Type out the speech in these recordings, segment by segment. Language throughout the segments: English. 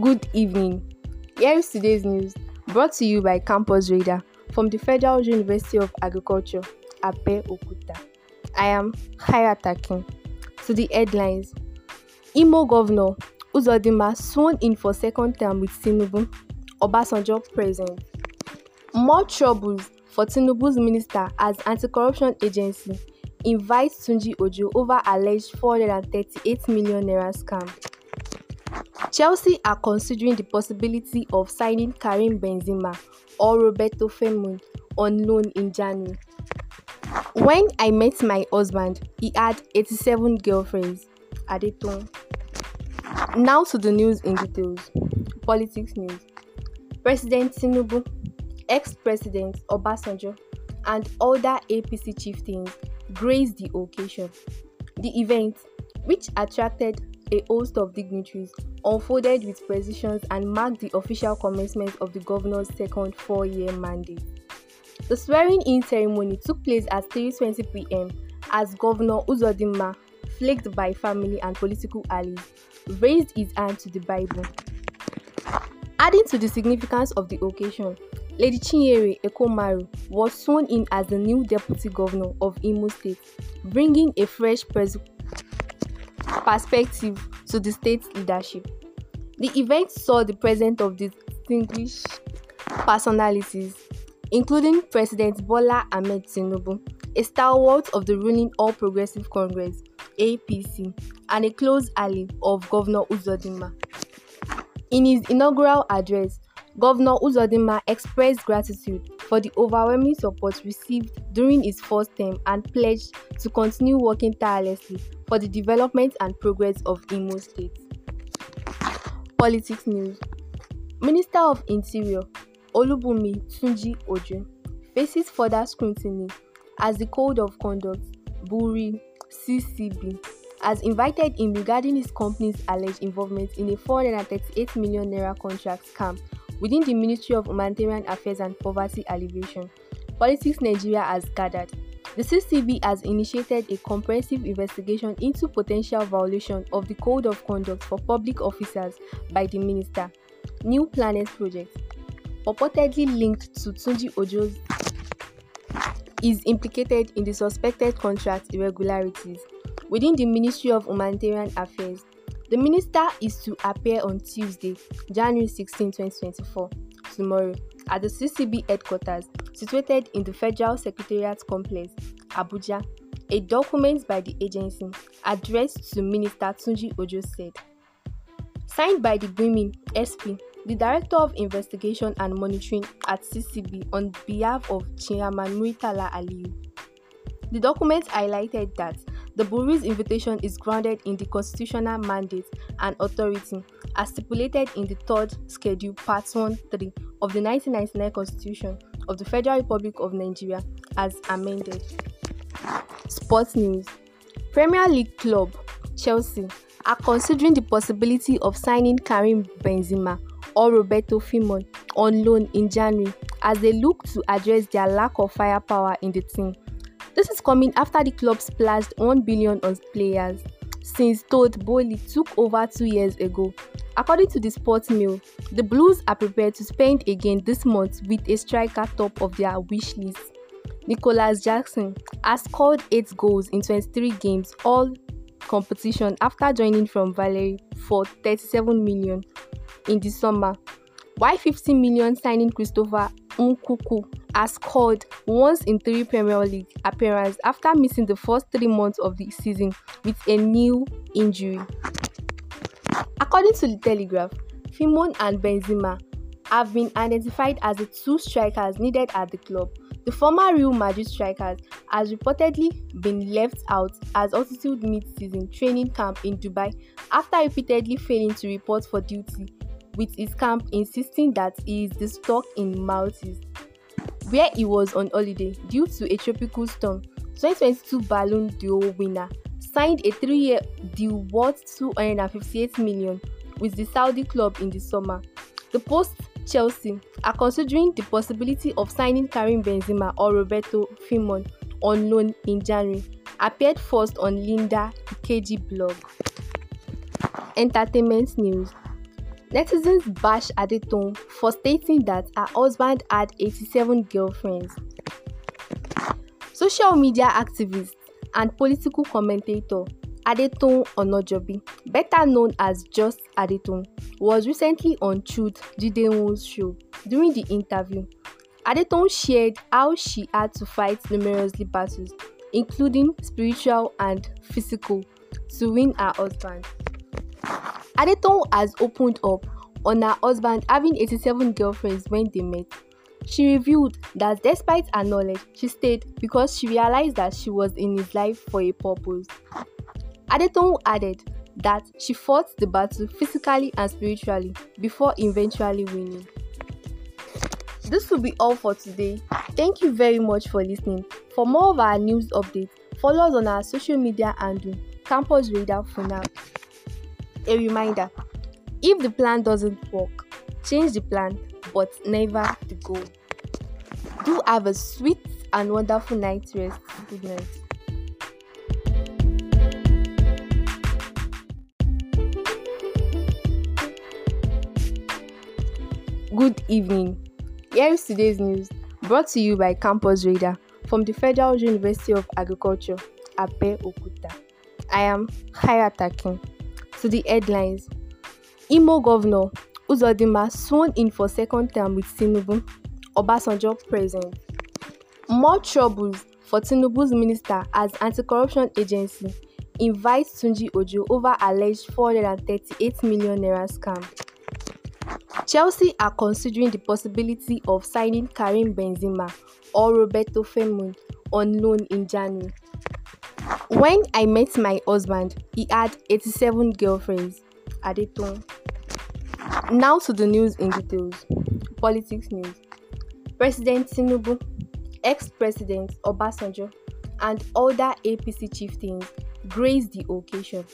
Good evening. Here is today's news brought to you by Campus Radar from the Federal University of Agriculture, Abeokuta. I am Hayat Akin. To the headlines Imo Governor Uzodima sworn in for second term with Tinubu, Obasanjo present. More troubles for Tinubu's minister as anti-corruption agency invites Tunji Ojo over alleged 438 million naira scam. Chelsea are considering the possibility of signing Karim Benzema or Roberto Firmino on loan in January. When I met my husband, he had 87 girlfriends. Adetun. Now to the news in details. Politics news. President Tinubu, ex-president Obasanjo, and other APC chieftains graced the occasion. The event, which attracted a host of dignitaries, unfolded with positions and marked the official commencement of the governor's second four year mandate. The swearing in ceremony took place at 3:20 pm as Governor Uzodinma, flanked by family and political allies, raised his hand to the Bible. Adding to the significance of the occasion, Lady Chinyere Ekomaru was sworn in as the new deputy governor of Imo State, bringing a fresh pers- perspective to the state leadership. The event saw the presence of distinguished personalities, including President Bola Ahmed Tinubu, a stalwart of the ruling All Progressive Congress (APC), and a close ally of Governor Uzodinma. In his inaugural address, Governor Uzodinma expressed gratitude for the overwhelming support received during his first term and pledged to continue working tirelessly for the development and progress of Imo State. Politics News Minister of Interior Olubumi Tunji Ojo faces further scrutiny as the Code of Conduct Buri CCB has invited him regarding his company's alleged involvement in a 438 million naira contract scam Within the Ministry of Humanitarian Affairs and Poverty Alleviation, Politics Nigeria has gathered. The CCB has initiated a comprehensive investigation into potential violation of the Code of Conduct for Public Officers by the Minister. New Planet Project, purportedly linked to Tunji Ojo's, is implicated in the suspected contract irregularities. Within the Ministry of Humanitarian Affairs, the minister is to appear on Tuesday, January 16, 2024, tomorrow, at the CCB headquarters situated in the Federal Secretariat Complex, Abuja. A document by the agency addressed to Minister Tunji Ojo said, signed by the Gwimin SP, the Director of Investigation and Monitoring at CCB on behalf of Chairman Muitala Aliyu. The document highlighted that the Bureau's invitation is grounded in the constitutional mandate and authority as stipulated in the third schedule, part 1 3 of the 1999 Constitution of the Federal Republic of Nigeria as amended. Sports news Premier League club Chelsea are considering the possibility of signing Karim Benzema or Roberto Firmino on loan in January as they look to address their lack of firepower in the team. This is coming after the club splashed 1 billion on players since Todd Bowley took over two years ago. According to the Sports Mail, the Blues are prepared to spend again this month with a striker top of their wish list. Nicholas Jackson has scored 8 goals in 23 games all competition after joining from Valerie for 37 million in the summer. Why 15 million signing Christopher Nkuku has scored once in three Premier League appearances after missing the first three months of the season with a new injury. According to the Telegraph, Fimon and Benzema have been identified as the two strikers needed at the club. The former Real Madrid strikers has reportedly been left out as altitude mid-season training camp in Dubai after repeatedly failing to report for duty, with his camp insisting that he is the stock in Maltese. where he was on holiday due to a tropical storm. 2022 Ballon d'Or winner signed a three-year deal worth 258 million with the Saudi club in the summer. The post Chelsea are considering the possibility of signing Karim Benzema or Roberto Firmino on loan in January, appeared first on Linda Ikeji blog. Entertainment news Netizens bash Adetun for stating that her husband had 87 girlfriends. Social media activist and political commentator Adetone Onajobi, better known as Just Adetun, was recently on Truth Jidenwo's show. During the interview, Adetun shared how she had to fight numerous battles, including spiritual and physical, to win her husband. Adeton has opened up on her husband having 87 girlfriends when they met. She revealed that despite her knowledge, she stayed because she realized that she was in his life for a purpose. Adeton added that she fought the battle physically and spiritually before eventually winning. This will be all for today. Thank you very much for listening. For more of our news updates, follow us on our social media and do Campus Radar for now a reminder if the plan doesn't work, change the plan, but never the goal. Do have a sweet and wonderful night's rest. Good night. Good evening. Here is today's news brought to you by Campus Radar from the Federal University of Agriculture, Ape Okuta. I am Hayatakin. to the headlines Imo Governor Uzodima sworn in for second term with Tinubu, Obasanjo present. More troubles for Tinubu's minister as anti-corruption agency invites Tunji Ojo over alleged 438 million naira scam. Chelsea are considering the possibility of signing Karim Benzema or Roberto Firmino on loan in January. When I met my husband, he had 87 girlfriends. Adetun. Now to the news in details. Politics news. President Tinubu, ex-president Obasanjo, and other APC chieftains graced the occasion.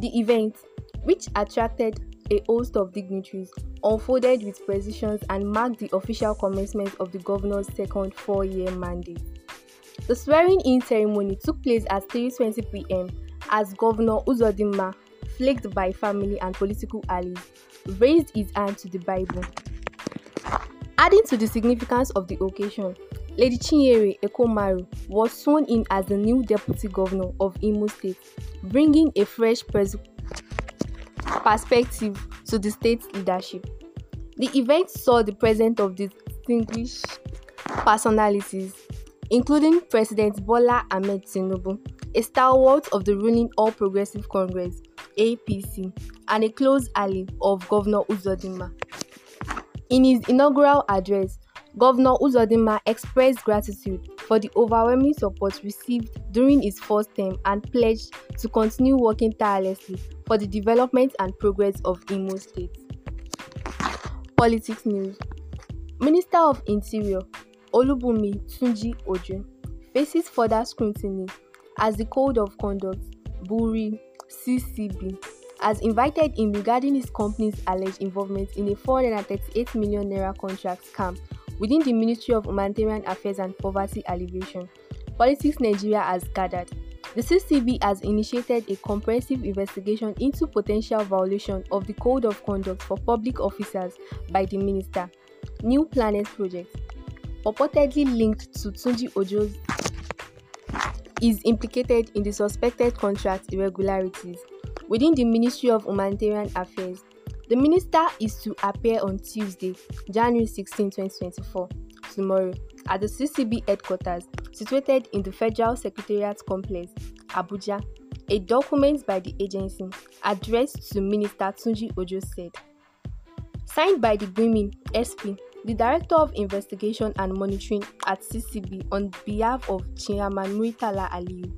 The event, which attracted a host of dignitaries, unfolded with precision and marked the official commencement of the governor's second four-year mandate. The swearing-in ceremony took place at 3:20 p.m. as Governor Uzodinma, plagued by family and political allies, raised his hand to the Bible. Adding to the significance of the occasion, Lady Chinyere Ekomaru was sworn in as the new deputy governor of Imo State, bringing a fresh pers- perspective to the state's leadership. The event saw the presence of distinguished personalities including President Bola Ahmed Tinubu, a stalwart of the ruling All Progressive Congress (APC) and a close ally of Governor Uzodinma. In his inaugural address, Governor Uzodinma expressed gratitude for the overwhelming support received during his first term and pledged to continue working tirelessly for the development and progress of Imo State. Politics News Minister of Interior Olubumi Tunji Ojo faces further scrutiny as the Code of Conduct (BUREA) CCB has invited him regarding his company's alleged involvement in a 438 million naira contract scam within the Ministry of Humanitarian Affairs and Poverty Alleviation. Politics Nigeria has gathered. The CCB has initiated a comprehensive investigation into potential violation of the Code of Conduct for public officers by the minister. New Planet Project purportedly linked to Tunji Ojo is implicated in the suspected contract irregularities within the Ministry of Humanitarian Affairs. The minister is to appear on Tuesday, January 16, 2024, tomorrow, at the CCB headquarters situated in the Federal Secretariat Complex, Abuja. A document by the agency addressed to Minister Tunji Ojo said, signed by the women SP The Director of Investigation and Monitoring at CCB on behalf of Chairman Muitala Aliyu.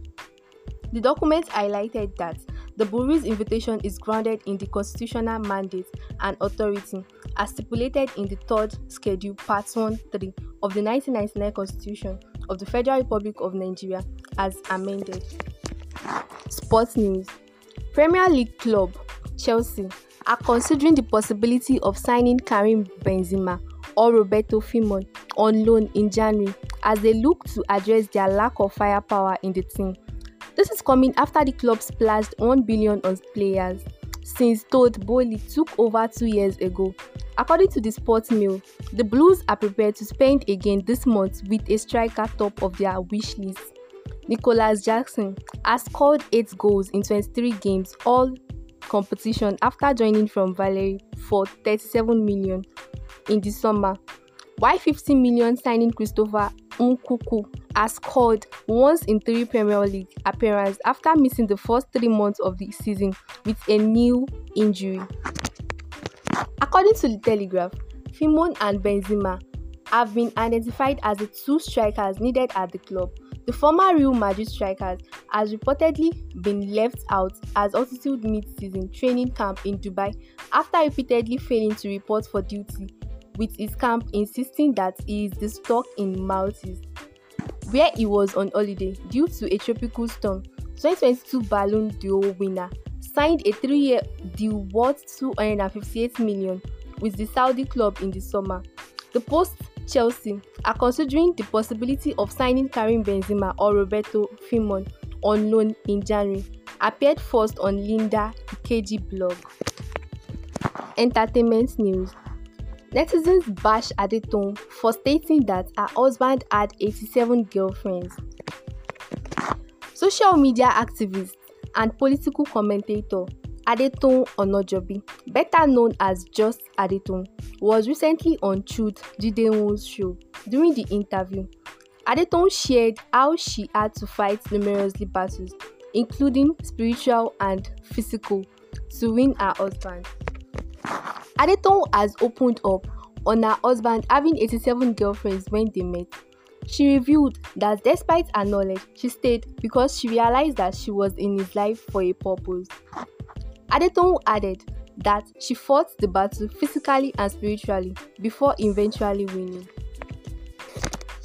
The document highlighted that the Bureau's invitation is grounded in the constitutional mandate and authority as stipulated in the third schedule, part 1 3 of the 1999 Constitution of the Federal Republic of Nigeria as amended. Sports news Premier League club Chelsea are considering the possibility of signing Karim Benzema or Roberto Firmino on loan in January as they look to address their lack of firepower in the team. This is coming after the club splashed 1 billion on players since Todd Bowley took over two years ago. According to the Sports Mail, the Blues are prepared to spend again this month with a striker top of their wish list. Nicholas Jackson has scored 8 goals in 23 games all competition after joining from Valerie for 37 million in the summer. Why 50 million signing Christopher Nkuku has scored once in three Premier League appearances after missing the first three months of the season with a new injury. According to the Telegraph, Fimon and Benzema have been identified as the two strikers needed at the club. The former Real Madrid striker has reportedly been left out as altitude mid-season training camp in Dubai after repeatedly failing to report for duty with his camp insisting that he is the stock in Maltese, where he was on holiday due to a tropical storm. 2022 Balloon Duo winner signed a three-year deal worth 258 million with the Saudi club in the summer. The post Chelsea are considering the possibility of signing Karim Benzema or Roberto Firmino on loan in January, appeared first on Linda KG blog. Entertainment news Netizens bash Adetone for stating that her husband had 87 girlfriends. Social media activist and political commentator Adetone Onajobi, better known as Just Adetone, was recently on Truth Gideon's show. During the interview, Adetone shared how she had to fight numerous battles, including spiritual and physical, to win her husband. Adeton has opened up on her husband having 87 girlfriends when they met. She revealed that despite her knowledge, she stayed because she realized that she was in his life for a purpose. Adeton added that she fought the battle physically and spiritually before eventually winning.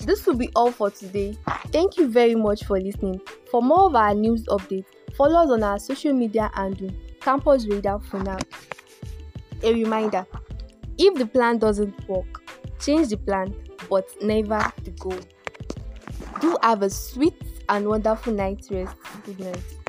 This will be all for today. Thank you very much for listening. For more of our news updates, follow us on our social media and Campus Radar for now a reminder if the plan doesn't work, change the plan, but never the goal. Do have a sweet and wonderful night's rest. Good night.